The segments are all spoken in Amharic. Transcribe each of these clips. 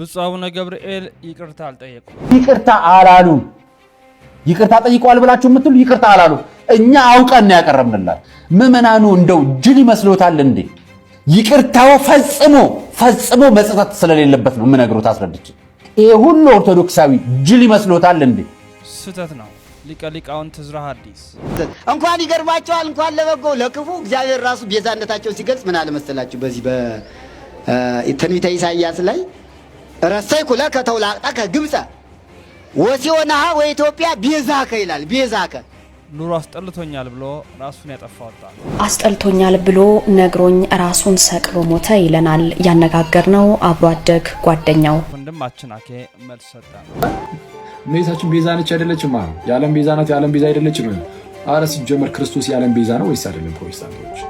ብፁዕ አቡነ ገብርኤል ይቅርታ አልጠየቁ። ይቅርታ አላሉ። ይቅርታ ጠይቀዋል ብላችሁ የምትሉ ይቅርታ አላሉ። እኛ አውቀን ነው ያቀረብንላችሁ። ምዕመናኑ እንደው ጅል ይመስሎታል እንዴ? ይቅርታው ፈጽሞ ፈጽሞ መጸጸት ስለሌለበት ነው የምነግሩት አስረድች። ይሄ ሁሉ ኦርቶዶክሳዊ ጅል ይመስሎታል እንዴ? ስህተት ነው። ሊቀ ሊቃውንት ዕዝራ ሐዲስ እንኳን ይገርማቸዋል እንኳን ለበጎ ለክፉ እግዚአብሔር ራሱ ቤዛነታቸው ሲገልጽ ምን አለ በዚህ በትንቢተ ኢሳያስ ላይ ረሰይኩ ለከ ተውላቅጠከ ግብፀ ወሲዮናሃ ወኢትዮጵያ ቤዛከ ይላል። ቤዛከ ኑሮ አስጠልቶኛል ብሎ ራሱን ያጠፋ ወጣት አስጠልቶኛል ብሎ ነግሮኝ ራሱን ሰቅሎ ሞተ ይለናል ያነጋገርነው አብሮ አደግ ጓደኛው ወንድማችን አኬ መልስ ሰጠ። እመቤታችን ቤዛ ነች አይደለችም? የዓለም ቤዛ ናት፣ የዓለም ቤዛ አይደለችም? አረ ሲጀመር ክርስቶስ የዓለም ቤዛ ነው ወይስ አይደለም? ፕሮቴስታንቶች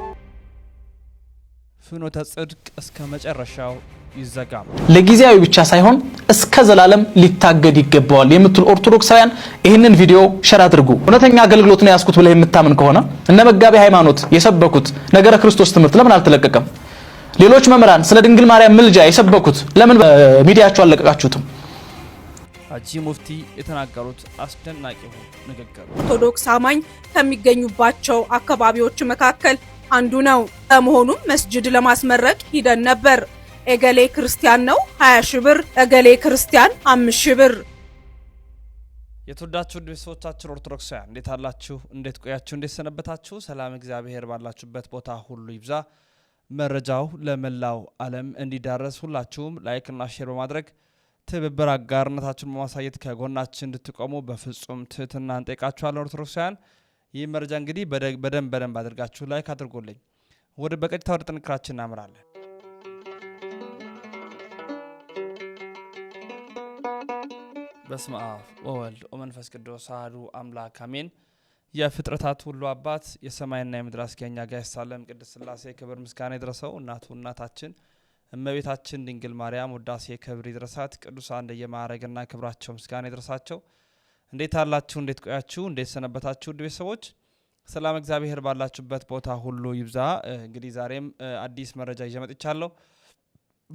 ፍኖተ ጽድቅ እስከ መጨረሻው ይዘጋም ለጊዜያዊ ብቻ ሳይሆን እስከ ዘላለም ሊታገድ ይገባዋል የምትል ኦርቶዶክሳውያን ይህንን ቪዲዮ ሸር አድርጉ። እውነተኛ አገልግሎት ነው ያስኩት ብለህ የምታምን ከሆነ እነ መጋቢ ሃይማኖት የሰበኩት ነገረ ክርስቶስ ትምህርት ለምን አልተለቀቀም? ሌሎች መምህራን ስለ ድንግል ማርያም ምልጃ የሰበኩት ለምን ሚዲያቸው አልለቀቃችሁትም? ሀጂ ሙፍቲ የተናገሩት አስደናቂ ንግግር ኦርቶዶክስ አማኝ ከሚገኙባቸው አካባቢዎች መካከል አንዱ ነው። በመሆኑም መስጅድ ለማስመረቅ ሂደን ነበር። ኤገሌ ክርስቲያን ነው 20 ሺህ ብር፣ ኤገሌ ክርስቲያን 5 ሺህ ብር። የተወዳችሁ ቤተሰቦቻችን ኦርቶዶክሳውያን እንዴት አላችሁ? እንዴት ቆያችሁ? እንዴት ሰነበታችሁ? ሰላም እግዚአብሔር ባላችሁበት ቦታ ሁሉ ይብዛ። መረጃው ለመላው ዓለም እንዲዳረስ ሁላችሁም ላይክና ሼር በማድረግ ትብብር አጋርነታችሁን በማሳየት ከጎናችን እንድትቆሙ በፍጹም ትህትና እንጠይቃችኋለን። ኦርቶዶክሳውያን ይህ መረጃ እንግዲህ በደንብ በደንብ አድርጋችሁ ላይክ አድርጎልኝ ወደ በቀጥታ ወደ ጥንክራችን እናምራለን። በስመ አብ ወወልድ ወመንፈስ ቅዱስ አሐዱ አምላክ አሜን። የፍጥረታት ሁሉ አባት የሰማይና የምድር አስገኛ ጋይስ ሳለም ቅድስት ስላሴ ክብር ምስጋና ይድረሰው። እናቱ እናታችን እመቤታችን ድንግል ማርያም ውዳሴ ክብር ይድረሳት። ቅዱሳን እንደየማዕረግና ክብራቸው ምስጋና ይድረሳቸው። እንዴት አላችሁ? እንዴት ቆያችሁ? እንዴት ሰነበታችሁ? ውድ ቤተሰቦች ሰላም እግዚአብሔር ባላችሁበት ቦታ ሁሉ ይብዛ። እንግዲህ ዛሬም አዲስ መረጃ ይዤ መጥቻለሁ።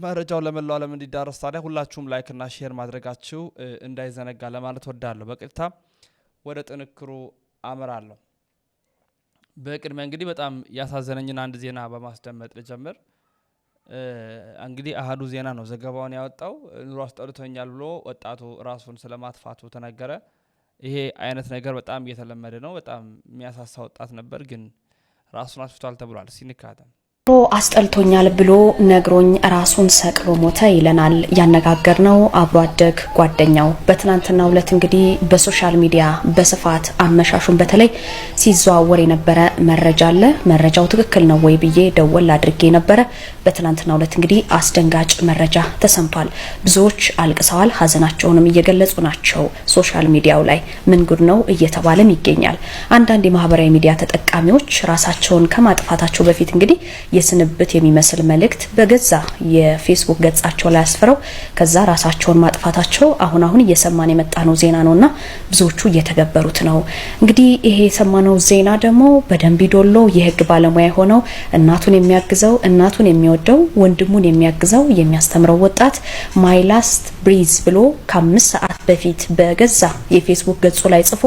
መረጃው ለመላው ዓለም እንዲዳረስ ታዲያ ሁላችሁም ላይክና ሼር ማድረጋችሁ እንዳይዘነጋ ለማለት ወዳለሁ። በቀጥታ ወደ ጥንክሩ አመራለሁ። በቅድሚያ እንግዲህ በጣም ያሳዘነኝን አንድ ዜና በማስደመጥ ልጀምር። እንግዲህ አህዱ ዜና ነው ዘገባውን ያወጣው። ኑሮ አስጠልቶኛል ብሎ ወጣቱ ራሱን ስለማጥፋቱ ተነገረ። ይሄ አይነት ነገር በጣም እየተለመደ ነው። በጣም የሚያሳሳ ወጣት ነበር፣ ግን ራሱን አጥፍቷል ተብሏል ሲንካተም አስጠልቶኛል ብሎ ነግሮኝ ራሱን ሰቅሎ ሞተ ይለናል ያነጋገርነው አብሮ አደግ ጓደኛው። በትናንትናው ዕለት እንግዲህ በሶሻል ሚዲያ በስፋት አመሻሹን በተለይ ሲዘዋወር የነበረ መረጃ አለ። መረጃው ትክክል ነው ወይ ብዬ ደወል አድርጌ ነበረ። በትናንትናው ዕለት እንግዲህ አስደንጋጭ መረጃ ተሰምቷል። ብዙዎች አልቅሰዋል፣ ሀዘናቸውንም እየገለጹ ናቸው። ሶሻል ሚዲያው ላይ ምን ጉድ ነው እየተባለም ይገኛል። አንዳንድ የማህበራዊ ሚዲያ ተጠቃሚዎች ራሳቸውን ከማጥፋታቸው በፊት እንግዲህ የስንብት የሚመስል መልእክት በገዛ የፌስቡክ ገጻቸው ላይ አስፍረው ከዛ ራሳቸውን ማጥፋታቸው አሁን አሁን እየሰማን የመጣነው ዜና ነውና ብዙዎቹ እየተገበሩት ነው። እንግዲህ ይሄ የሰማነው ዜና ደግሞ በደንቢ ዶሎ የህግ ባለሙያ የሆነው እናቱን የሚያግዘው እናቱን የሚወደው ወንድሙን የሚያግዘው የሚያስተምረው ወጣት ማይ ላስት ብሪዝ ብሎ ከአምስት ሰዓት በፊት በገዛ የፌስቡክ ገጹ ላይ ጽፎ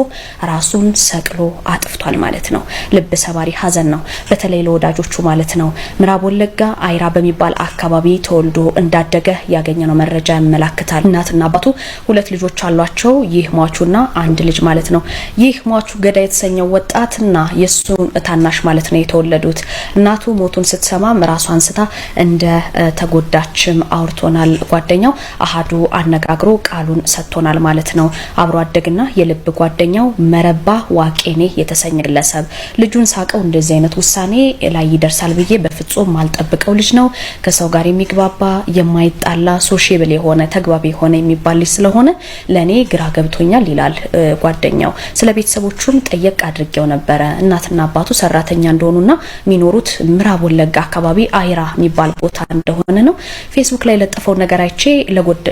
ራሱን ሰቅሎ አጥፍቷል ማለት ነው። ልብ ሰባሪ ሀዘን ነው። በተለይ ለወዳጆቹ ማለት ነው። ምዕራብ ወለጋ አይራ በሚባል አካባቢ ተወልዶ እንዳደገ ያገኘነው መረጃ ያመላክታል። እናትና አባቱ ሁለት ልጆች አሏቸው። ይህ ሟቹና አንድ ልጅ ማለት ነው። ይህ ሟቹ ገዳ የተሰኘው ወጣትና የሱ ታናሽ ማለት ነው የተወለዱት። እናቱ ሞቱን ስትሰማም ራሷ አንስታ እንደ ተጎዳችም አውርቶናል። ጓደኛው አሀዱ አነጋግሮ ቃሉን ሰጥቶናል ማለት ነው። አብሮ አደግና የልብ ጓደኛው መረባ ዋቄኔ የተሰኘ ግለሰብ ልጁን ሳቀው እንደዚህ አይነት ውሳኔ ላይ ይደርሳል ብዬ በፍጹም ማልጠብቀው ልጅ ነው። ከሰው ጋር የሚግባባ የማይጣላ ሶሽብል የሆነ ተግባቢ የሆነ የሚባል ልጅ ስለሆነ ለእኔ ግራ ገብቶኛል ይላል ጓደኛው። ስለ ቤተሰቦቹም ጠየቅ አድርጌው ነበረ። እናትና አባቱ ሰራተኛ እንደሆኑና የሚኖሩት ምዕራብ ወለጋ አካባቢ አይራ የሚባል ቦታ እንደሆነ ነው። ፌስቡክ ላይ የለጠፈው ነገር አይቼ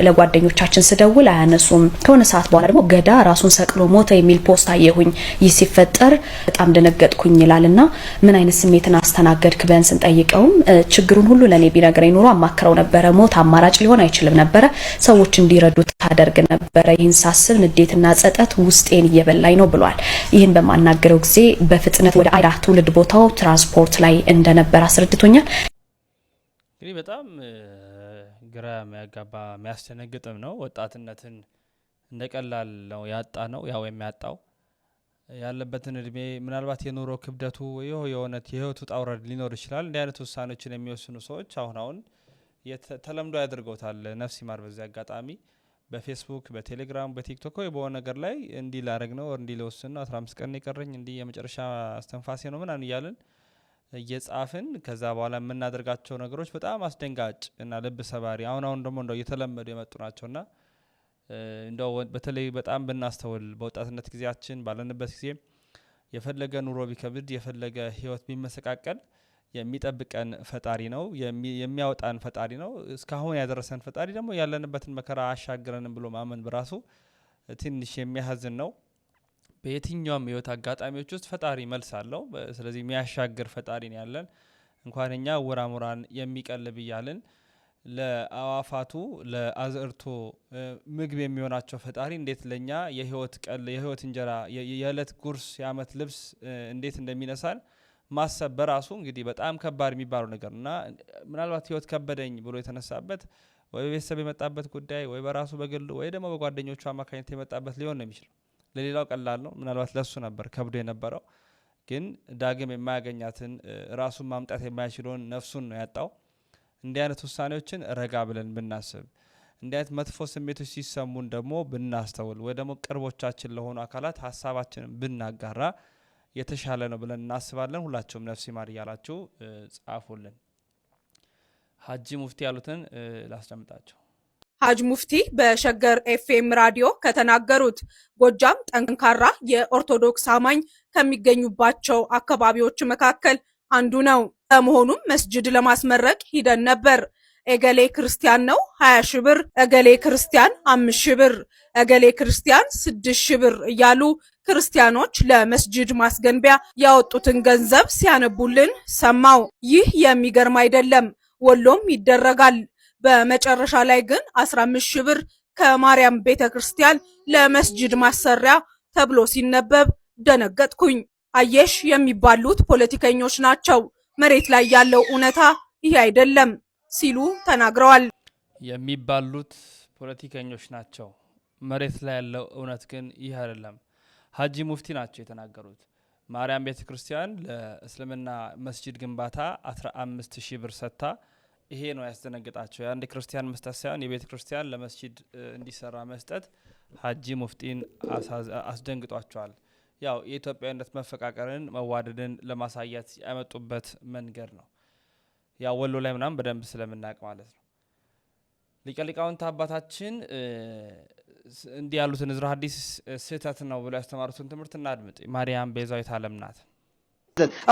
ለጓደኞቻችን ስደውል አያነሱም። ከሆነ ሰዓት በኋላ ደግሞ ገዳ ራሱን ሰቅሎ ሞተ የሚል ፖስት አየሁኝ። ይህ ሲፈጠር በጣም ደነገጥኩኝ ይላል እና ምን አይነት ስሜትን አስተናገድክ ብለን ብጠይቀውም ችግሩን ሁሉ ለእኔ ቢነግረኝ ኑሮ አማክረው ነበረ። ሞት አማራጭ ሊሆን አይችልም ነበረ። ሰዎች እንዲረዱ ታደርግ ነበረ። ይህን ሳስብ ንዴትና ጸጠት ውስጤን እየበላኝ ነው ብሏል። ይህን በማናገረው ጊዜ በፍጥነት ወደ አይራ ትውልድ ቦታው ትራንስፖርት ላይ እንደነበር አስረድቶኛል። እንግዲህ በጣም ግራ የሚያጋባ የሚያስደነግጥም ነው። ወጣትነትን እንደቀላል ነው ያጣ ነው ያው የሚያጣው ያለበትን እድሜ ምናልባት የኑሮ ክብደቱ የሆነ የህይወቱ ጣውረድ ሊኖር ይችላል። እንዲህ አይነት ውሳኔዎችን የሚወስኑ ሰዎች አሁን አሁን ተለምዶ ያደርገውታል። ነፍስ ይማር። በዚህ አጋጣሚ በፌስቡክ፣ በቴሌግራም፣ በቲክቶክ ወይ በሆነ ነገር ላይ እንዲህ ላረግ ነው እንዲህ ልወስን ነው 15 ቀን የቀረኝ እንዲህ የመጨረሻ አስተንፋሴ ነው ምናምን እያልን እየጻፍን ከዛ በኋላ የምናደርጋቸው ነገሮች በጣም አስደንጋጭ እና ልብ ሰባሪ አሁን አሁን ደግሞ እንደው እየተለመዱ የመጡ ናቸውና እንደው በተለይ በጣም ብናስተውል በወጣትነት ጊዜያችን ባለንበት ጊዜ የፈለገ ኑሮ ቢከብድ የፈለገ ህይወት ቢመሰቃቀል የሚጠብቀን ፈጣሪ ነው፣ የሚያወጣን ፈጣሪ ነው። እስካሁን ያደረሰን ፈጣሪ ደግሞ ያለንበትን መከራ አሻግረንም ብሎ ማመን በራሱ ትንሽ የሚያሳዝን ነው። በየትኛውም ህይወት አጋጣሚዎች ውስጥ ፈጣሪ መልስ አለው። ስለዚህ የሚያሻግር ፈጣሪ ነው ያለን። እንኳን እኛ ውራሙራን የሚቀልብ እያልን ለአዋፋቱ ለአዝእርቱ ምግብ የሚሆናቸው ፈጣሪ እንዴት ለእኛ የህይወት ቀል የህይወት እንጀራ የዕለት ጉርስ የአመት ልብስ እንዴት እንደሚነሳን ማሰብ በራሱ እንግዲህ በጣም ከባድ የሚባለው ነገር እና ምናልባት ህይወት ከበደኝ ብሎ የተነሳበት ወይ በቤተሰብ የመጣበት ጉዳይ ወይ በራሱ በግሉ ወይ ደግሞ በጓደኞቹ አማካኝነት የመጣበት ሊሆን ነው የሚችለው። ለሌላው ቀላል ነው፣ ምናልባት ለሱ ነበር ከብዶ የነበረው። ግን ዳግም የማያገኛትን ራሱን ማምጣት የማይችለውን ነፍሱን ነው ያጣው። እንዲህ አይነት ውሳኔዎችን ረጋ ብለን ብናስብ፣ እንዲህ አይነት መጥፎ ስሜቶች ሲሰሙን ደግሞ ብናስተውል፣ ወይ ደግሞ ቅርቦቻችን ለሆኑ አካላት ሀሳባችንን ብናጋራ የተሻለ ነው ብለን እናስባለን። ሁላችሁም ነፍሲ ማር እያላችሁ ጻፉልን። ሀጂ ሙፍቲ ያሉትን ላስደምጣቸው። ሀጅ ሙፍቲ በሸገር ኤፍኤም ራዲዮ ከተናገሩት ጎጃም ጠንካራ የኦርቶዶክስ አማኝ ከሚገኙባቸው አካባቢዎች መካከል አንዱ ነው። በመሆኑም መስጅድ ለማስመረቅ ሂደን ነበር። እገሌ ክርስቲያን ነው 20 ሺ ብር፣ እገሌ ክርስቲያን 5 ሺ ብር፣ እገሌ ክርስቲያን 6 ሺህ ብር እያሉ ክርስቲያኖች ለመስጅድ ማስገንቢያ ያወጡትን ገንዘብ ሲያነቡልን ሰማው። ይህ የሚገርም አይደለም፣ ወሎም ይደረጋል። በመጨረሻ ላይ ግን 15 ሺህ ብር ከማርያም ቤተ ክርስቲያን ለመስጅድ ማሰሪያ ተብሎ ሲነበብ ደነገጥኩኝ። አየሽ የሚባሉት ፖለቲከኞች ናቸው። መሬት ላይ ያለው እውነታ ይህ አይደለም ሲሉ ተናግረዋል። የሚባሉት ፖለቲከኞች ናቸው። መሬት ላይ ያለው እውነት ግን ይህ አይደለም። ሀጂ ሙፍቲ ናቸው የተናገሩት። ማርያም ቤተ ክርስቲያን ለእስልምና መስጂድ ግንባታ 15 ሺህ ብር ሰጥታ፣ ይሄ ነው ያስደነግጣቸው። የአንድ ክርስቲያን መስጠት ሳይሆን የቤተ ክርስቲያን ለመስጂድ እንዲሰራ መስጠት ሀጂ ሙፍቲን አስደንግጧቸዋል። ያው የኢትዮጵያዊነት መፈቃቀርን መዋደድን ለማሳየት ያመጡበት መንገድ ነው። ያው ወሎ ላይ ምናምን በደንብ ስለምናውቅ ማለት ነው። ሊቀ ሊቃውንት አባታችን እንዲህ ያሉትን ዕዝረ ሐዲስ ስህተት ነው ብሎ ያስተማሩትን ትምህርት እናድምጥ። ማርያም ቤዛዊት ዓለም ናት።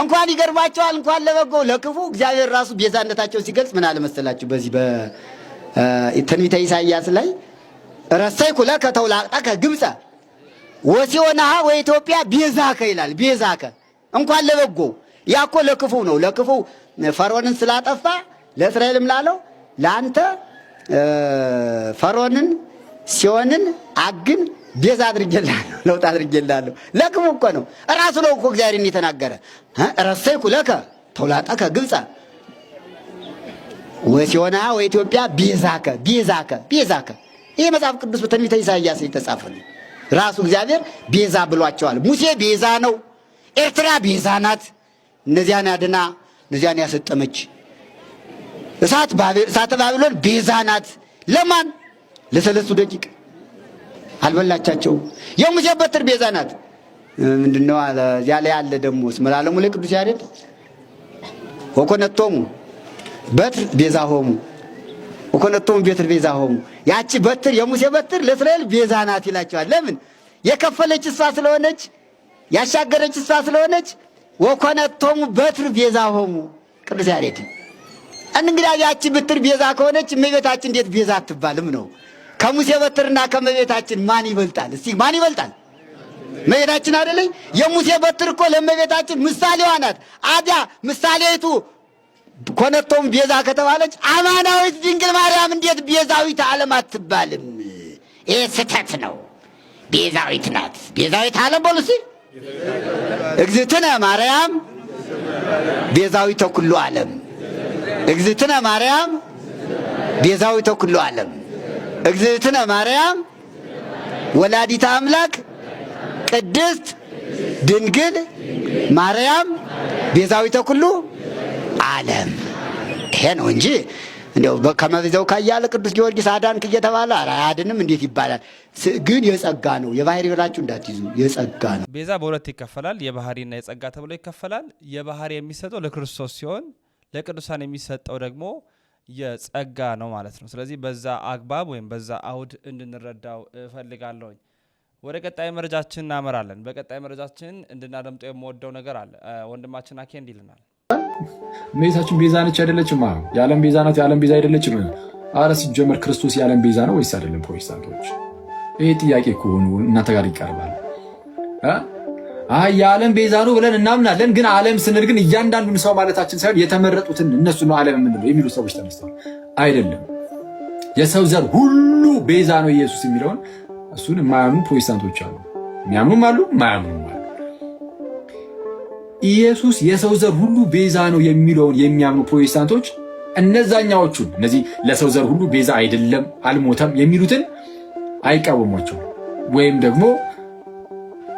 እንኳን ይገርማቸዋል፣ እንኳን ለበጎ ለክፉ እግዚአብሔር ራሱ ቤዛነታቸው ሲገልጽ ምን አለመሰላችሁ? በዚህ በትንቢተ ኢሳያስ ላይ ረሰይኩ ለከ ተውላቅጠከ ግብፀ ወሲዮናሃ ወኢትዮጵያ ቤዛከ ይላል። ቤዛከ እንኳን ለበጎው ያኮ ለክፉ ነው። ለክፉ ፈርዖንን ስላጠፋ ለእስራኤልም ላለው ለአንተ ፈርዖንን ሲሆንን አግን ቤዛ አድርጌልሃለሁ፣ ለውጥ አድርጌልሃለሁ። ለክፉ እኮ ነው። እራሱ ነው እኮ እግዚአብሔር የተናገረ ረሰይኩ ለከ ተውላጠከ ግብፀ ወሲዮናሃ ወኢትዮጵያ ቤዛከ ቤዛከ ቤዛከ። ይህ መጽሐፍ ቅዱስ በትንቢተ ኢሳያስ የተጻፈ ነው። ራሱ እግዚአብሔር ቤዛ ብሏቸዋል። ሙሴ ቤዛ ነው፣ ኤርትራ ቤዛ ናት። እነዚያን ያድና እነዚያን ያሰጠመች እሳተ ባቢሎን ቤዛ ናት። ለማን ለሰለስቱ ደቂቅ አልበላቻቸው የሙሴ በትር ቤዛ ናት። ምንድነው እዚያ ላይ አለ ደግሞ ስመላለሙ ላይ ቅዱስ ያሬድ ወኮነቶሙ በትር ቤዛ ሆሙ ወኮነቶም ቤትር ቤዛ ሆሙ። ያቺ በትር የሙሴ በትር ለእስራኤል ቤዛ ናት ይላቸዋል። ለምን የከፈለች እሷ ስለሆነች፣ ያሻገረች እሷ ስለሆነች ወኮነቶሙ በትር ቤዛ ሆሙ። ቅዱስ ያሬድ እንግዲያ ያቺ በትር ቤዛ ከሆነች እመቤታችን እንዴት ቤዛ አትባልም ነው? ከሙሴ በትርና ከእመቤታችን ማን ይበልጣል? እስቲ ማን ይበልጣል? እመቤታችን አይደለኝ? የሙሴ በትር እኮ ለእመቤታችን ምሳሌዋ ናት። አዲያ ምሳሌቱ ኮነቶም ቤዛ ከተባለች አማናዊት ድንግል ማርያም እንዴት ቤዛዊት ዓለም አትባልም? ይህ ስህተት ነው። ቤዛዊት ናት። ቤዛዊት ዓለም በሉ እስኪ እግዝእትነ ማርያም ቤዛዊተ ኩሉ ዓለም እግዝእትነ ማርያም ቤዛዊተ ኩሉ ዓለም እግዝእትነ ማርያም ወላዲተ አምላክ ቅድስት ድንግል ማርያም ቤዛዊተ ኩሉ ዓለም ይሄ ነው እንጂ እንዲያው ከመዘው ካያለ ቅዱስ ጊዮርጊስ አዳንክ እየተባለ አያድንም እንዴት ይባላል? ግን የጸጋ ነው የባህሪ ብላችሁ እንዳትይዙ፣ የጸጋ ነው። ቤዛ በሁለት ይከፈላል፣ የባህሪና የጸጋ ተብሎ ይከፈላል። የባህሪ የሚሰጠው ለክርስቶስ ሲሆን ለቅዱሳን የሚሰጠው ደግሞ የጸጋ ነው ማለት ነው። ስለዚህ በዛ አግባብ ወይም በዛ አውድ እንድንረዳው እፈልጋለሁኝ። ወደ ቀጣይ መረጃችን እናመራለን። በቀጣይ መረጃችን እንድናደምጠው የምወደው ነገር አለ። ወንድማችን አኬ እንዲልናል እመቤታችን ቤዛ ነች አይደለችም? የዓለም ቤዛ ናት፣ የዓለም ቤዛ አይደለችም? አረ ሲጀመር ክርስቶስ የዓለም ቤዛ ነው ወይስ አይደለም? ፕሮቴስታንቶች ይሄ ጥያቄ ከሆኑ እናንተ ጋር ይቀርባል። አይ የዓለም ቤዛ ነው ብለን እናምናለን፣ ግን ዓለም ስንል ግን እያንዳንዱን ሰው ማለታችን ሳይሆን የተመረጡትን እነሱ ነው ዓለም የምንለው የሚሉ ሰዎች ተነስተዋል። አይደለም የሰው ዘር ሁሉ ቤዛ ነው ኢየሱስ የሚለውን እሱን የማያምኑ ፕሮቴስታንቶች አሉ። የሚያምኑም አሉ፣ የማያምኑም አሉ። ኢየሱስ የሰው ዘር ሁሉ ቤዛ ነው የሚለውን የሚያምኑ ፕሮቴስታንቶች እነዛኛዎቹን እነዚህ ለሰው ዘር ሁሉ ቤዛ አይደለም አልሞተም የሚሉትን አይቃወሟቸው ወይም ደግሞ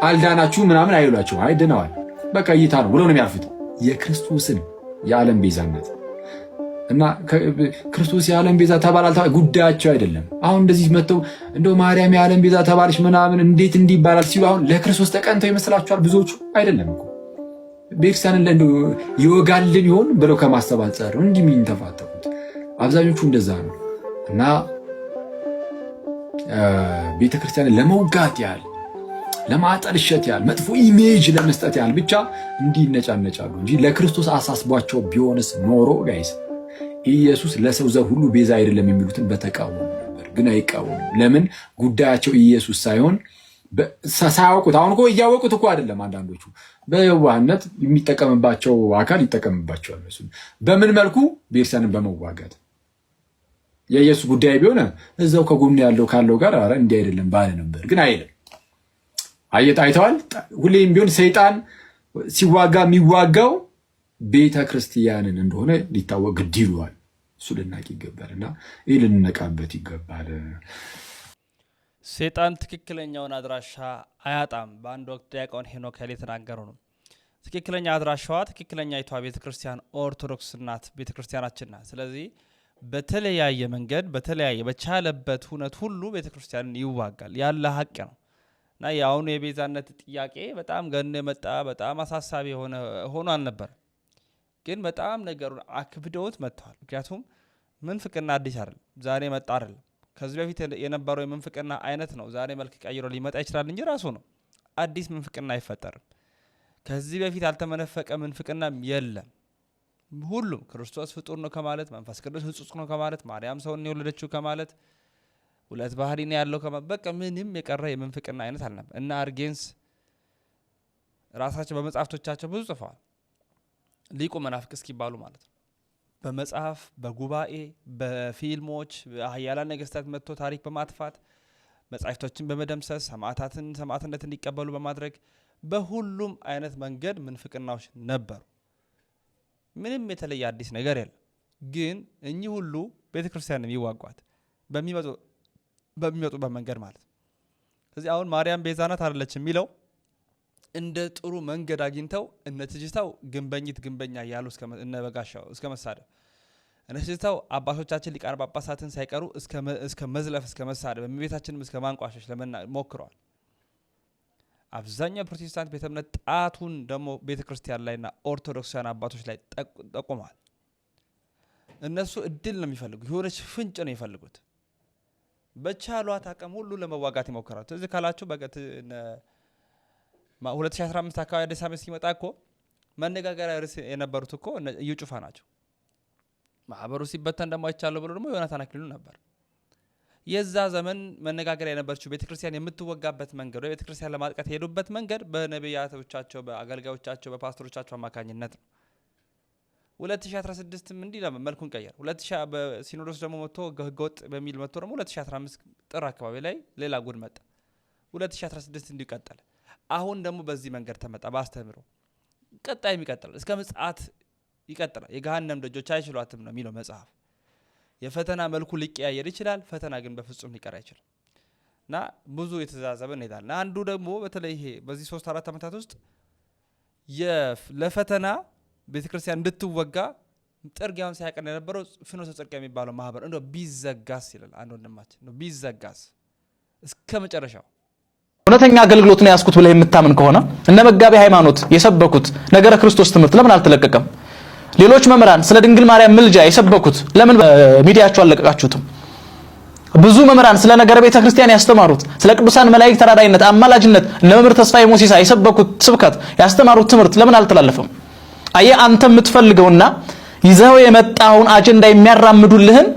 አልዳናችሁ ምናምን አይሏቸው። አይ በቃ እይታ ነው ብለው ነው የሚያልፉት የክርስቶስን የዓለም ቤዛነት እና ክርስቶስ የዓለም ቤዛ ተባል ጉዳያቸው አይደለም። አሁን እንደዚህ መጥተው እንደ ማርያም የዓለም ቤዛ ተባለች ምናምን እንዴት እንዲባላል ሲሉ አሁን ለክርስቶስ ተቀንተው ይመስላችኋል? ብዙዎቹ አይደለም እኮ ቤተክርስቲያንን እንደው ይወጋልን ይሆን ብለው ከማሰብ አንጻር ነው እንዲህ የሚንተፋተፉት አብዛኞቹ እንደዛ ነው። እና ቤተክርስቲያንን ለመውጋት ያህል ለማጠልሸት ያህል መጥፎ ኢሜጅ ለመስጠት ያህል ብቻ እንዲነጫነጫሉ እንጂ ለክርስቶስ አሳስቧቸው ቢሆንስ ኖሮ ጋይስ ኢየሱስ ለሰው ዘር ሁሉ ቤዛ አይደለም የሚሉትን በተቃወሙ ነበር። ግን አይቃወሙ። ለምን ጉዳያቸው ኢየሱስ ሳይሆን ሳያውቁት አሁን እኮ እያወቁት እኮ አይደለም። አንዳንዶቹ በየዋህነት የሚጠቀምባቸው አካል ይጠቀምባቸዋል። እሱ በምን መልኩ ቤርሳንን በመዋጋት የኢየሱስ ጉዳይ ቢሆነ እዛው ከጎን ያለው ካለው ጋር አረ እንዲህ አይደለም ባለ ነበር፣ ግን አይልም። አይተዋል። ሁሌም ቢሆን ሰይጣን ሲዋጋ የሚዋጋው ቤተ ክርስቲያንን እንደሆነ ሊታወቅ ግድ ይለዋል። እሱ ልናቅ ይገባል እና ይህ ልንነቃበት ይገባል። ሴጣን ትክክለኛውን አድራሻ አያጣም። በአንድ ወቅት ዲያቆን ሄኖክ ያል የተናገሩ ነው። ትክክለኛ አድራሻዋ ትክክለኛ ይቷ ቤተ ክርስቲያን ኦርቶዶክስ ናት፣ ቤተ ክርስቲያናችን ናት። ስለዚህ በተለያየ መንገድ በተለያየ በቻለበት ሁነት ሁሉ ቤተ ክርስቲያንን ይዋጋል ያለ ሀቅ ነው እና የአሁኑ የቤዛነት ጥያቄ በጣም ገኖ የመጣ በጣም አሳሳቢ የሆነ ሆኖ አልነበረም። ግን በጣም ነገሩን አክብደውት መጥተዋል። ምክንያቱም ምንፍቅና አዲስ አይደለም፣ ዛሬ መጣ አይደለም። ከዚህ በፊት የነበረው የምንፍቅና አይነት ነው ዛሬ መልክ ቀይሮ ሊመጣ ይችላል እንጂ ራሱ ነው። አዲስ ምንፍቅና አይፈጠርም። ከዚህ በፊት ያልተመነፈቀ ምንፍቅና የለም። ሁሉም ክርስቶስ ፍጡር ነው ከማለት መንፈስ ቅዱስ ህጹጽ ነው ከማለት ማርያም ሰውን የወለደችው ከማለት ሁለት ባህሪ ነው ያለው ከማለት በቃ ምንም የቀረ የምንፍቅና አይነት አልነበር እና አርጌንስ ራሳቸው በመጽሐፍቶቻቸው ብዙ ጽፈዋል ሊቁ መናፍቅ እስኪባሉ ማለት ነው። በመጽሐፍ በጉባኤ በፊልሞች ሀያላን ነገስታት መጥቶ ታሪክ በማጥፋት መጻሕፍቶችን በመደምሰስ ሰማዕታትን ሰማዕትነት እንዲቀበሉ በማድረግ በሁሉም አይነት መንገድ ምንፍቅናዎች ነበሩ። ምንም የተለየ አዲስ ነገር የለም። ግን እኚህ ሁሉ ቤተ ክርስቲያን የሚዋጓት በሚመጡበት መንገድ ማለት ነው። ስለዚህ አሁን ማርያም ቤዛ ናት አይደለች የሚለው እንደ ጥሩ መንገድ አግኝተው እነ ትጅታው ግንበኝት ግንበኛ እያሉ እነ በጋሻው እስከ መሳደብ እነ ትጅታው አባቶቻችን ሊቃነ ጳጳሳትን ሳይቀሩ እስከ መዝለፍ እስከ መሳደብ እመቤታችንም እስከ ማንቋሸሽ ሞክረዋል። አብዛኛው ፕሮቴስታንት ቤተ እምነት ጣቱን ደግሞ ቤተ ክርስቲያን ላይና ኦርቶዶክሳውያን አባቶች ላይ ጠቁመዋል። እነሱ እድል ነው የሚፈልጉ የሆነች ፍንጭ ነው የሚፈልጉት። በቻሏት አቅም ሁሉ ለመዋጋት ይሞክራሉ። እዚህ ካላችሁ በቀት 2015 አካባቢ አዲስ ዓመት ሲመጣ እኮ መነጋገሪያ ርዕስ የነበሩት እኮ እዩ ጩፋ ናቸው። ማህበሩ ሲበተን ደግሞ አይቻለሁ ብሎ ደግሞ ዮናታን አክሊሉ ነበር። የዛ ዘመን መነጋገሪያ የነበረችው ቤተክርስቲያን የምትወጋበት መንገድ ወይ ቤተክርስቲያን ለማጥቃት የሄዱበት መንገድ በነቢያቶቻቸው፣ በአገልጋዮቻቸው፣ በፓስተሮቻቸው አማካኝነት ነው። 2016 እንዲህ ለምን መልኩን ቀየር? በሲኖዶስ ደግሞ መጥቶ ህገወጥ በሚል መጥቶ ደግሞ 2015 ጥር አካባቢ ላይ ሌላ ጉድ መጣ። 2016 እንዲቀጠል አሁን ደግሞ በዚህ መንገድ ተመጣ በአስተምሮ ቀጣይ የሚቀጥል እስከ ምጽአት ይቀጥላል። የገሃነም ደጆች አይችሏትም ነው የሚለው መጽሐፍ። የፈተና መልኩ ሊቀያየር ይችላል። ፈተና ግን በፍጹም ሊቀር አይችልም እና ብዙ የተዛዘበ እንሄዳል አንዱ ደግሞ በተለይ ይሄ በዚህ ሶስት አራት ዓመታት ውስጥ ለፈተና ቤተ ክርስቲያን እንድትወጋ ጥርጊያውን ሲያቀን የነበረው ፍኖተ ጽድቅ የሚባለው ማህበር እንደ ቢዘጋስ ይላል አንድ ወንድማችን ቢዘጋስ እስከ መጨረሻው እውነተኛ አገልግሎት ነው ያስኩት ብለህ የምታምን ከሆነ እነ መጋቤ ሃይማኖት የሰበኩት ነገረ ክርስቶስ ትምህርት ለምን አልተለቀቀም? ሌሎች መምህራን ስለ ድንግል ማርያም ምልጃ የሰበኩት ለምን ሚዲያቸው አልለቀቃችሁትም? ብዙ መምህራን ስለ ነገረ ቤተ ክርስቲያን ያስተማሩት ስለ ቅዱሳን መላእክት ተራዳይነት፣ አማላጅነት እነ መምህር ተስፋዬ ሞሲሳ የሰበኩት ስብከት ያስተማሩት ትምህርት ለምን አልተላለፈም? አየ አንተ የምትፈልገውና ይዘው የመጣውን አጀንዳ የሚያራምዱልህን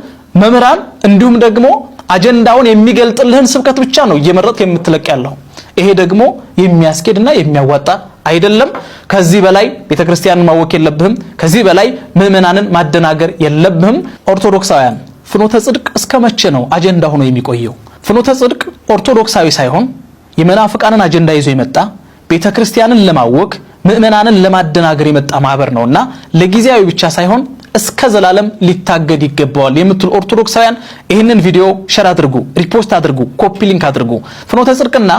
መምህራን እንዲሁም ደግሞ አጀንዳውን የሚገልጥልህን ስብከት ብቻ ነው እየመረጥክ የምትለቅ ያለው። ይሄ ደግሞ የሚያስኬድና የሚያዋጣ አይደለም። ከዚህ በላይ ቤተክርስቲያንን ማወክ የለብህም። ከዚህ በላይ ምዕመናንን ማደናገር የለብህም። ኦርቶዶክሳውያን ፍኖተ ጽድቅ እስከ መቼ ነው አጀንዳ ሆኖ የሚቆየው? ፍኖተ ጽድቅ ኦርቶዶክሳዊ ሳይሆን የመናፍቃንን አጀንዳ ይዞ የመጣ ቤተክርስቲያንን ለማወክ ምእመናንን ለማደናገር የመጣ ማህበር ነውና ለጊዜያዊ ብቻ ሳይሆን እስከ ዘላለም ሊታገድ ይገባዋል የምትሉ ኦርቶዶክሳውያን ይህንን ቪዲዮ ሸር አድርጉ፣ ሪፖስት አድርጉ፣ ኮፒ ሊንክ አድርጉ። ፍኖተ ጽድቅና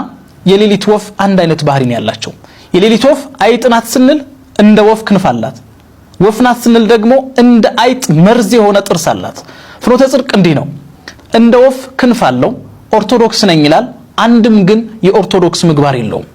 የሌሊት ወፍ አንድ አይነት ባህሪ ነው ያላቸው። የሌሊት ወፍ አይጥናት ስንል እንደ ወፍ ክንፍ አላት። ወፍናት ስንል ደግሞ እንደ አይጥ መርዝ የሆነ ጥርስ አላት። ፍኖተ ጽድቅ እንዲህ ነው። እንደ ወፍ ክንፍ አለው፣ ኦርቶዶክስ ነኝ ይላል። አንድም ግን የኦርቶዶክስ ምግባር የለውም።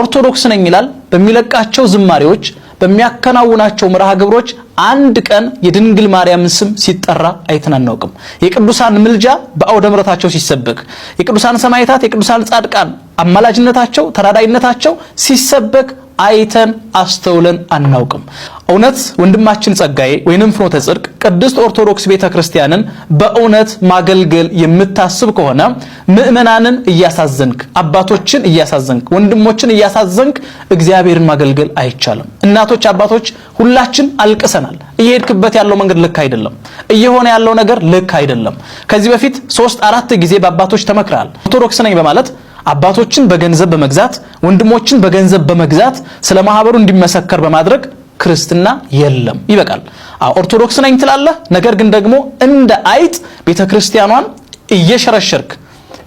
ኦርቶዶክስ ነኝ ይላል። በሚለቃቸው ዝማሬዎች፣ በሚያከናውናቸው መርሃ ግብሮች አንድ ቀን የድንግል ማርያምን ስም ሲጠራ አይተን አናውቅም። የቅዱሳን ምልጃ በአውደ ምረታቸው ሲሰበክ፣ የቅዱሳን ሰማዕታት፣ የቅዱሳን ጻድቃን አማላጅነታቸው፣ ተራዳይነታቸው ሲሰበክ አይተን አስተውለን አናውቅም። እውነት ወንድማችን ጸጋዬ ወይንም ፍኖተ ጽድቅ ቅድስት ኦርቶዶክስ ቤተ ክርስቲያንን በእውነት ማገልገል የምታስብ ከሆነ ምእመናንን እያሳዘንክ፣ አባቶችን እያሳዘንክ፣ ወንድሞችን እያሳዘንክ እግዚአብሔርን ማገልገል አይቻልም። እናቶች፣ አባቶች ሁላችን አልቅሰናል። እየሄድክበት ያለው መንገድ ልክ አይደለም። እየሆነ ያለው ነገር ልክ አይደለም። ከዚህ በፊት ሶስት አራት ጊዜ በአባቶች ተመክረሃል። ኦርቶዶክስ ነኝ በማለት አባቶችን በገንዘብ በመግዛት ወንድሞችን በገንዘብ በመግዛት ስለ ማህበሩ እንዲመሰከር በማድረግ ክርስትና የለም። ይበቃል። ኦርቶዶክስ ነኝ ትላለህ፣ ነገር ግን ደግሞ እንደ አይጥ ቤተ ክርስቲያኗን እየሸረሸርክ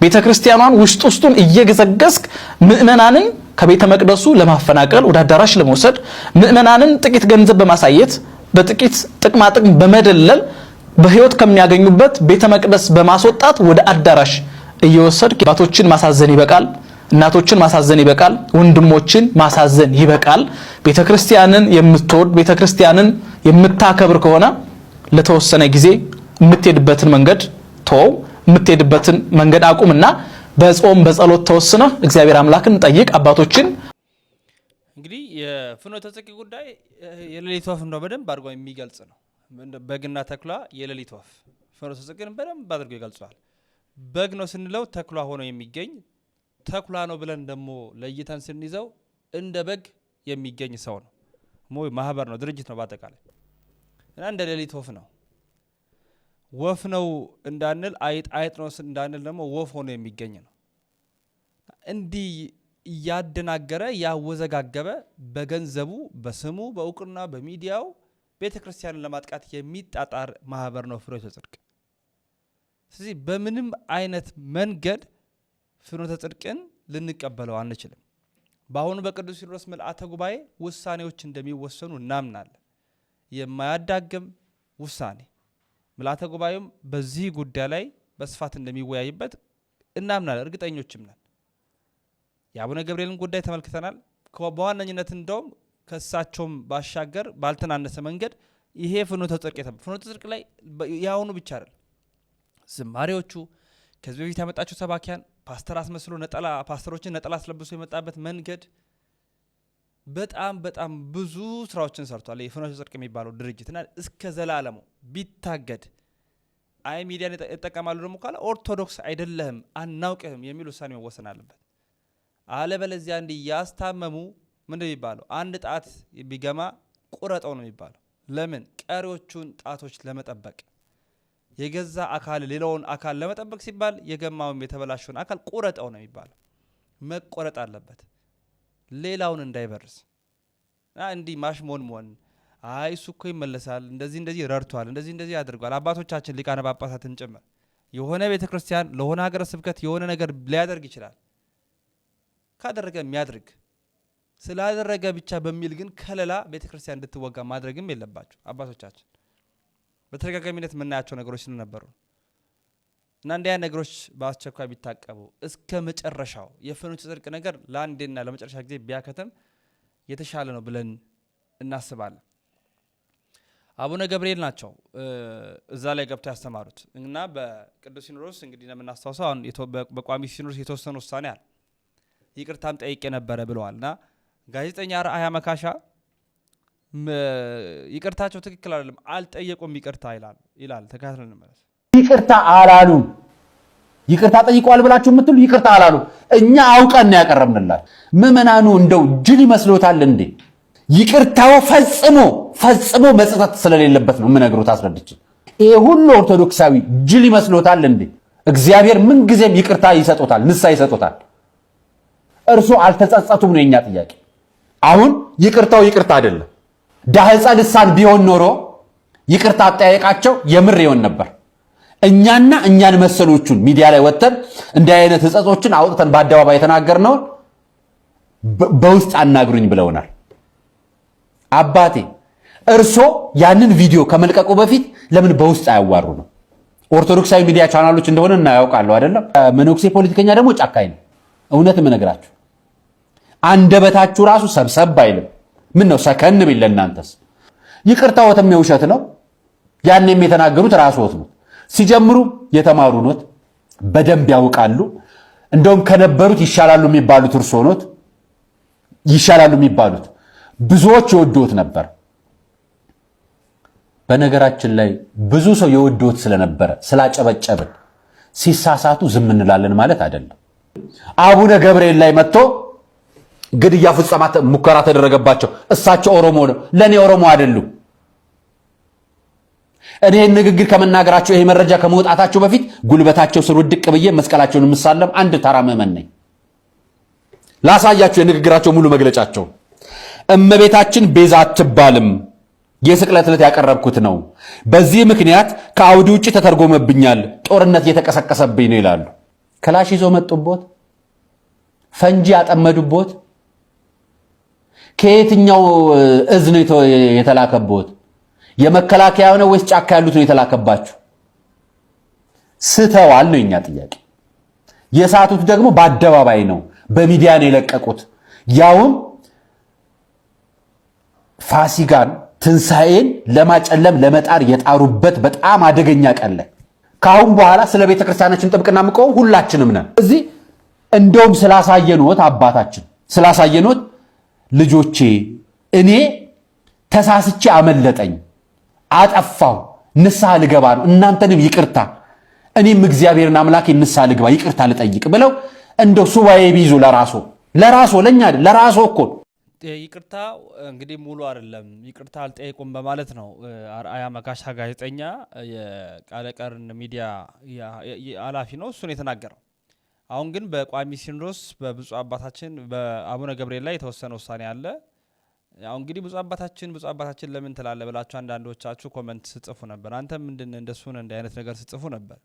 ቤተ ክርስቲያኗን ውስጥ ውስጡን እየገዘገዝክ ምእመናንን ከቤተ መቅደሱ ለማፈናቀል ወደ አዳራሽ ለመውሰድ ምእመናንን ጥቂት ገንዘብ በማሳየት በጥቂት ጥቅማጥቅም በመደለል በህይወት ከሚያገኙበት ቤተ መቅደስ በማስወጣት ወደ አዳራሽ እየወሰድክ አባቶችን ማሳዘን ይበቃል፣ እናቶችን ማሳዘን ይበቃል፣ ወንድሞችን ማሳዘን ይበቃል። ቤተክርስቲያንን የምትወድ ቤተክርስቲያንን የምታከብር ከሆነ ለተወሰነ ጊዜ የምትሄድበትን መንገድ ተወው፣ የምትሄድበትን መንገድ አቁምና በጾም በጸሎት ተወስነህ እግዚአብሔር አምላክን ጠይቅ። አባቶችን እንግዲህ የፍኖተ ጽድቅ ጉዳይ የሌሊት ወፍ እንደው በደንብ አድርጎ የሚገልጽ ነው። በግና ተኩላ የሌሊት ወፍ ፍኖተ ጽድቅን በደንብ አድርጎ ይገልጸዋል። በግ ነው ስንለው ተኩላ ሆኖ የሚገኝ ተኩላ ነው ብለን ደግሞ ለይተን ስንይዘው እንደ በግ የሚገኝ ሰው ነው። ማህበር ነው፣ ድርጅት ነው በአጠቃላይ እና እንደ ሌሊት ወፍ ነው። ወፍ ነው እንዳንል አይጥ፣ አይጥ ነው እንዳንል ደግሞ ወፍ ሆኖ የሚገኝ ነው። እንዲህ እያደናገረ ያወዘጋገበ በገንዘቡ በስሙ በእውቅና በሚዲያው ቤተ ክርስቲያንን ለማጥቃት የሚጣጣር ማህበር ነው ፍሬ ጽድቅ ስለዚህ በምንም አይነት መንገድ ፍኖተ ጽድቅን ልንቀበለው አንችልም። በአሁኑ በቅዱስ ሲኖዶስ ምልአተ ጉባኤ ውሳኔዎች እንደሚወሰኑ እናምናለን። የማያዳግም ውሳኔ ምልአተ ጉባኤውም በዚህ ጉዳይ ላይ በስፋት እንደሚወያይበት እናምናለን፣ እርግጠኞችም ነን። የአቡነ ገብርኤልን ጉዳይ ተመልክተናል። በዋነኝነት እንደውም ከእሳቸውም ባሻገር ባልተናነሰ መንገድ ይሄ ፍኖተ ጽድቅ ፍኖተ ጽድቅ ላይ የአሁኑ ብቻ አይደለም ዝማሬዎቹ ከዚህ በፊት ያመጣቸው ሰባኪያን ፓስተር አስመስሎ ነጠላ ፓስተሮችን ነጠላ አስለብሶ የመጣበት መንገድ በጣም በጣም ብዙ ስራዎችን ሰርቷል። የፍኖተ ጽድቅ የሚባለው ድርጅትና እስከ ዘላለሙ ቢታገድ አይ ሚዲያን ይጠቀማሉ ደግሞ ካለ ኦርቶዶክስ አይደለህም አናውቅህም የሚል ውሳኔ መወሰን አለበት። አለበለዚያ እንዲህ ያስታመሙ ምንድ የሚባለው አንድ ጣት ቢገማ ቁረጠው ነው የሚባለው። ለምን ቀሪዎቹን ጣቶች ለመጠበቅ የገዛ አካል ሌላውን አካል ለመጠበቅ ሲባል የገማውም የተበላሸውን አካል ቁረጠው ነው የሚባለው። መቆረጥ አለበት ሌላውን እንዳይበርስ። እንዲህ ሞን አይ እሱ እኮ ይመለሳል፣ እንደዚህ እንደዚህ ረድቷል፣ እንደዚህ እንደዚህ አድርጓል። አባቶቻችን ሊቃነ ጳጳሳትን ጭምር የሆነ ቤተ ክርስቲያን ለሆነ ሀገረ ስብከት የሆነ ነገር ሊያደርግ ይችላል። ካደረገ የሚያድርግ ስላደረገ ብቻ በሚል ግን ከለላ ቤተ ክርስቲያን እንድትወጋ ማድረግም የለባቸው አባቶቻችን። በተደጋጋሚነት የምናያቸው ነገሮች ነበሩ እና እንዲያ ነገሮች በአስቸኳይ ቢታቀቡ እስከ መጨረሻው የፍኖተ ጽድቅ ነገር ለአንዴና ለመጨረሻ ጊዜ ቢያከተም የተሻለ ነው ብለን እናስባለን። አቡነ ገብርኤል ናቸው እዛ ላይ ገብተው ያስተማሩት እና በቅዱስ ሲኖዶስ እንግዲህ ለምናስታውሰው አሁን በቋሚ ሲኖዶስ የተወሰነ ውሳኔ አለ። ይቅርታም ጠይቄ ነበረ ብለዋል እና ጋዜጠኛ ረአያ መካሻ ይቅርታቸው ትክክል አይደለም፣ አልጠየቁም ይቅርታ ይላል። ተከታትለን እንመለስ። ይቅርታ አላሉ። ይቅርታ ጠይቀዋል ብላችሁ የምትሉ ይቅርታ አላሉ። እኛ አውቀን ነው ያቀረብንላችሁ። ምዕመናኑ እንደው ጅል ይመስሎታል እንዴ? ይቅርታው ፈጽሞ ፈጽሞ መጸጸት ስለሌለበት ነው የምነግሩት አስረድቼ። ይሄ ሁሉ ኦርቶዶክሳዊ ጅል ይመስሎታል እንዴ? እግዚአብሔር ምንጊዜም ይቅርታ ይሰጦታል፣ ንሳ ይሰጦታል። እርሱ አልተጸጸቱም ነው የኛ ጥያቄ። አሁን ይቅርታው ይቅርታ አይደለም ዳህፀ ልሳን ቢሆን ኖሮ ይቅርታ አጠያየቃቸው የምር ይሆን ነበር። እኛና እኛን መሰሎቹን ሚዲያ ላይ ወጥተን እንዲህ አይነት ሕጸጾችን አውጥተን በአደባባይ የተናገርነውን በውስጥ አናግሩኝ ብለውናል። አባቴ እርሶ ያንን ቪዲዮ ከመልቀቁ በፊት ለምን በውስጥ አያዋሩ ነው? ኦርቶዶክሳዊ ሚዲያ ቻናሎች እንደሆነ እናያውቃለሁ አይደለም። መነኩሴ ፖለቲከኛ ደግሞ ጫካኝ ነው። እውነት ምነግራችሁ አንደበታችሁ ራሱ ሰብሰብ አይልም። ምን ነው ሰከን ቢል ለእናንተስ። ይቅርታዎትም የውሸት ነው። ያኔም የተናገሩት ራስዎት ነው። ሲጀምሩ የተማሩ ኖት፣ በደንብ ያውቃሉ። እንደውም ከነበሩት ይሻላሉ የሚባሉት እርሶ ኖት። ይሻላሉ የሚባሉት ብዙዎች የወዶት ነበር። በነገራችን ላይ ብዙ ሰው የወዶት ስለነበረ ስላጨበጨብን ሲሳሳቱ ዝም እንላለን ማለት አይደለም። አቡነ ገብርኤል ላይ መጥቶ ግድያ ፍጸማ ሙከራ ተደረገባቸው። እሳቸው ኦሮሞ ነው፣ ለእኔ ኦሮሞ አይደሉም። እኔ ንግግር ከመናገራቸው ይሄ መረጃ ከመውጣታቸው በፊት ጉልበታቸው ስር ውድቅ ብዬ መስቀላቸውን የምሳለም አንድ ተራ ምዕመን ነኝ። ላሳያቸው የንግግራቸው ሙሉ መግለጫቸው። እመቤታችን ቤዛ አትባልም፣ የስቅለት ዕለት ያቀረብኩት ነው። በዚህ ምክንያት ከአውድ ውጭ ተተርጎመብኛል፣ ጦርነት እየተቀሰቀሰብኝ ነው ይላሉ። ክላሽ ይዞ መጡቦት፣ ፈንጂ ያጠመዱቦት ከየትኛው እዝ ነው የተላከብዎት? የመከላከያ ነው ወይስ ጫካ ያሉት ነው የተላከባችሁ? ስተዋል ነው የኛ ጥያቄ። የሳቱት ደግሞ በአደባባይ ነው፣ በሚዲያ ነው የለቀቁት። ያውም ፋሲካን ትንሣኤን ለማጨለም ለመጣር የጣሩበት በጣም አደገኛ ቀን ላይ ከአሁን በኋላ ስለ ቤተ ክርስቲያናችን ጥብቅና ምቆም ሁላችንም ነን። እዚህ እንደውም ስላሳየንዎት አባታችን ስላሳየንዎት ልጆቼ እኔ ተሳስቼ አመለጠኝ፣ አጠፋው፣ ንስሐ ልገባ ነው፣ እናንተንም ይቅርታ፣ እኔም እግዚአብሔርን አምላክ ንስሐ ልግባ ይቅርታ ልጠይቅ ብለው እንደው ሱባኤ ቢይዙ ለራሶ ለራሶ ለእኛ ለራሶ እኮ ይቅርታ እንግዲህ ሙሉ አይደለም ይቅርታ አልጠየቁም በማለት ነው አርአያ መካሻ ጋዜጠኛ የቃለቀርን ሚዲያ ኃላፊ ነው እሱን የተናገረው። አሁን ግን በቋሚ ሲኖዶስ በብፁዕ አባታችን በአቡነ ገብርኤል ላይ የተወሰነ ውሳኔ አለ። ያው እንግዲህ ብፁዕ አባታችን ብፁዕ አባታችን ለምን ትላለ ብላችሁ አንዳንዶቻችሁ ኮመንት ስጽፉ ነበር። አንተም ምንድን እንደሱን እንደ አይነት ነገር ስጽፉ ነበር።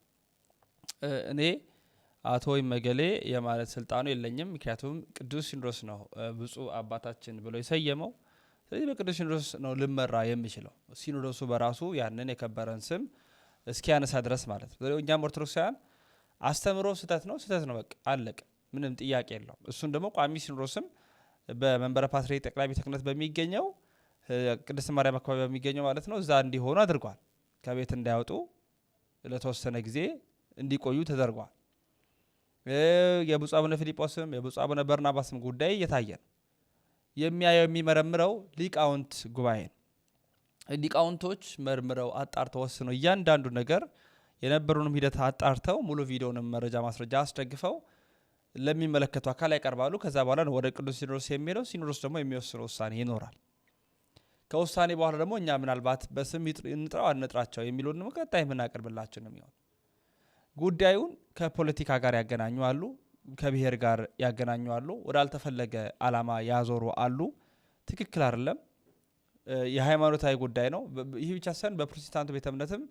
እኔ አቶ ወይም መገሌ የማለት ስልጣኑ የለኝም። ምክንያቱም ቅዱስ ሲኖዶስ ነው ብፁዕ አባታችን ብሎ የሰየመው። ስለዚህ በቅዱስ ሲኖዶስ ነው ልመራ የሚችለው። ሲኖዶሱ በራሱ ያንን የከበረን ስም እስኪያነሳ ድረስ ማለት ነው። እኛም ኦርቶዶክሳውያን አስተምሮ ስህተት ነው፣ ስህተት ነው። በቃ አለቀ። ምንም ጥያቄ የለውም። እሱን ደግሞ ቋሚ ሲኖዶስም በመንበረ ፓትርያርክ ጠቅላይ ቤተ ክህነት በሚገኘው ቅድስት ማርያም አካባቢ በሚገኘው ማለት ነው እዛ እንዲሆኑ አድርጓል። ከቤት እንዳይወጡ ለተወሰነ ጊዜ እንዲቆዩ ተደርጓል። የብፁዕ አቡነ ፊልጶስም የብፁዕ አቡነ በርናባስም ጉዳይ እየታየ ነው። የሚያየው የሚመረምረው ሊቃውንት ጉባኤ ነው። ሊቃውንቶች መርምረው አጣርተው ወስነው እያንዳንዱ ነገር የነበሩንም ሂደት አጣርተው ሙሉ ቪዲዮንም መረጃ ማስረጃ አስደግፈው ለሚመለከቱ አካል ያቀርባሉ። ከዛ በኋላ ወደ ቅዱስ ሲኖዶስ የሚሄደው። ሲኖዶስ ደግሞ የሚወስነው ውሳኔ ይኖራል። ከውሳኔ በኋላ ደግሞ እኛ ምናልባት በስም እንጥራው አንጥራቸው የሚሉን ቀጣይ የምናቀርብላቸው ነው የሚሆን። ጉዳዩን ከፖለቲካ ጋር ያገናኙ አሉ፣ ከብሔር ጋር ያገናኙ አሉ፣ ወዳልተፈለገ አላማ ያዞሩ አሉ። ትክክል አይደለም። የሃይማኖታዊ ጉዳይ ነው። ይህ ብቻ ሳይሆን በፕሮቴስታንቱ ቤተ እምነትም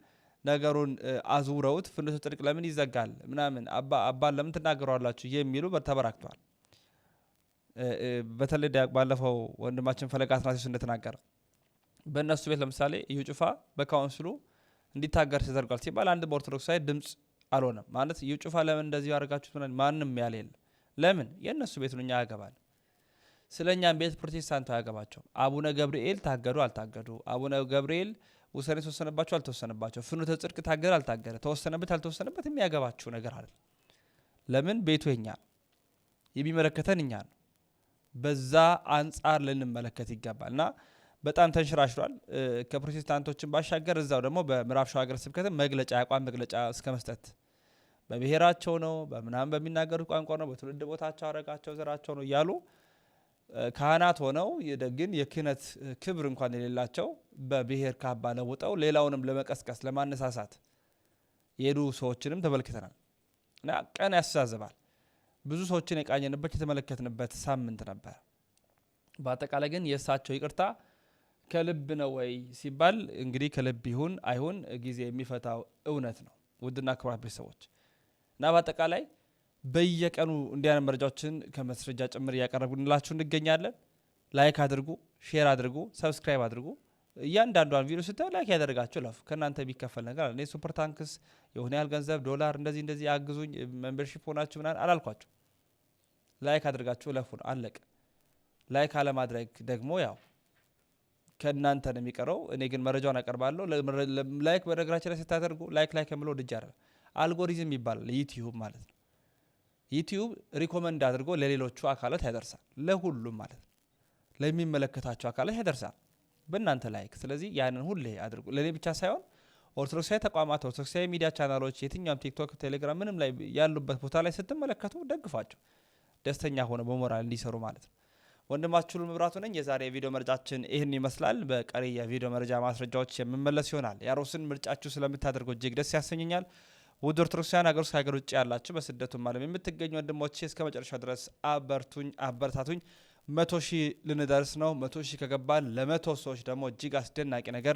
ነገሩን አዙረውት ፍኖተ ጽድቅ ለምን ይዘጋል ምናምን አባን ለምን ትናገሯላችሁ የሚሉ ተበራክተዋል። በተለይ ባለፈው ወንድማችን ፈለቀ አትናቴዎስ እንደተናገረ በእነሱ ቤት ለምሳሌ እዩ ጩፋ በካውንስሉ እንዲታገር ተደርጓል ሲባል አንድ በኦርቶዶክሳዊ ድምፅ አልሆነም። ማለት እዩ ጩፋ ለምን እንደዚሁ ያደርጋችሁት ማንም ያለ የለም። ለምን የእነሱ ቤት ነው፣ እኛ ያገባል። ስለ እኛም ቤት ፕሮቴስታንት አያገባቸው። አቡነ ገብርኤል ታገዱ አልታገዱ፣ አቡነ ገብርኤል ውሳኔ ተወሰነባቸው አልተወሰነባቸው፣ ፍኖተ ጽድቅ ታገረ አልታገረ፣ ተወሰነበት አልተወሰነበት የሚያገባችሁ ነገር አለ። ለምን ቤቱ የኛ የሚመለከተን እኛ ነው። በዛ አንጻር ልንመለከት ይገባል እና በጣም ተንሽራሽሯል። ከፕሮቴስታንቶችን ባሻገር እዛው ደግሞ በምዕራብ ሸዋ ሀገረ ስብከት መግለጫ ያቋም መግለጫ እስከ መስጠት በብሔራቸው ነው በምናምን በሚናገሩት ቋንቋ ነው በትውልድ ቦታቸው አረጋቸው ዘራቸው ነው እያሉ ካህናት ሆነው ግን የክህነት ክብር እንኳን የሌላቸው በብሔር ካባ ለውጠው ሌላውንም ለመቀስቀስ ለማነሳሳት የሄዱ ሰዎችንም ተመልክተናል እና ቀን ያስተዛዝባል። ብዙ ሰዎችን የቃኘንበት የተመለከትንበት ሳምንት ነበር። በአጠቃላይ ግን የእሳቸው ይቅርታ ከልብ ነው ወይ ሲባል እንግዲህ ከልብ ይሁን አይሁን ጊዜ የሚፈታው እውነት ነው። ውድና ክቡራት ቤተሰቦች እና በአጠቃላይ በየቀኑ እንዲያነ መረጃዎችን ከመስረጃ ጭምር እያቀረብንላችሁ እንገኛለን። ላይክ አድርጉ፣ ሼር አድርጉ፣ ሰብስክራይብ አድርጉ። እያንዳንዷን ቪዲዮ ስታዩ ላይክ ያደርጋቸው ላፍ ከእናንተ የሚከፈል ነገር አለ። ሱፐር ታንክስ የሆነ ያህል ገንዘብ ዶላር እንደዚህ እንደዚህ አግዙኝ ሜምበርሺፕ ሆናችሁ ምናል አላልኳቸው። ላይክ አድርጋችሁ ለፉ ነው አለቀ። ላይክ አለማድረግ ደግሞ ያው ከእናንተ ነው የሚቀረው። እኔ ግን መረጃውን አቀርባለሁ። ላይክ በነገራችን ላይ ስታደርጉ ላይክ ላይክ የምለው ድጃ አለ አልጎሪዝም ይባላል ዩቲዩብ ማለት ነው። ዩቲዩብ ሪኮመንድ አድርጎ ለሌሎቹ አካላት ያደርሳል። ለሁሉም ማለት ነው ለሚመለከታቸው አካላት ያደርሳል። በእናንተ ላይክ። ስለዚህ ያንን ሁሌ አድርጉ። ለእኔ ብቻ ሳይሆን ኦርቶዶክሳዊ ተቋማት፣ ኦርቶዶክሳዊ ሚዲያ ቻናሎች፣ የትኛውም ቲክቶክ፣ ቴሌግራም ምንም ላይ ያሉበት ቦታ ላይ ስትመለከቱ ደግፋቸው፣ ደስተኛ ሆነ በሞራል እንዲሰሩ ማለት ነው። ወንድማችሁ መብራቱ ነኝ። የዛሬ የቪዲዮ መርጫችን ይህን ይመስላል። በቀሪ የቪዲዮ መረጃ ማስረጃዎች የምመለስ ይሆናል። ያሮስን ምርጫችሁ ስለምታደርገው እጅግ ደስ ያሰኘኛል። ውድ ኦርቶዶክሳውያን ሀገር ውስጥ ከሀገር ውጭ ያላችሁ በስደቱም ዓለም የምትገኙ ወንድሞቼ እስከ መጨረሻው ድረስ አበርቱኝ፣ አበረታቱኝ። መቶ ሺህ ልንደርስ ነው። መቶ ሺህ ከገባን ለመቶ ሰዎች ደግሞ እጅግ አስደናቂ ነገር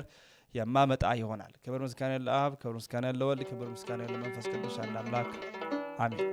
የማመጣ ይሆናል። ክብር ምስጋና ለአብ፣ ክብር ምስጋና ለወልድ፣ ክብር ምስጋና ለመንፈስ ቅዱስ አንድ አምላክ አሜን።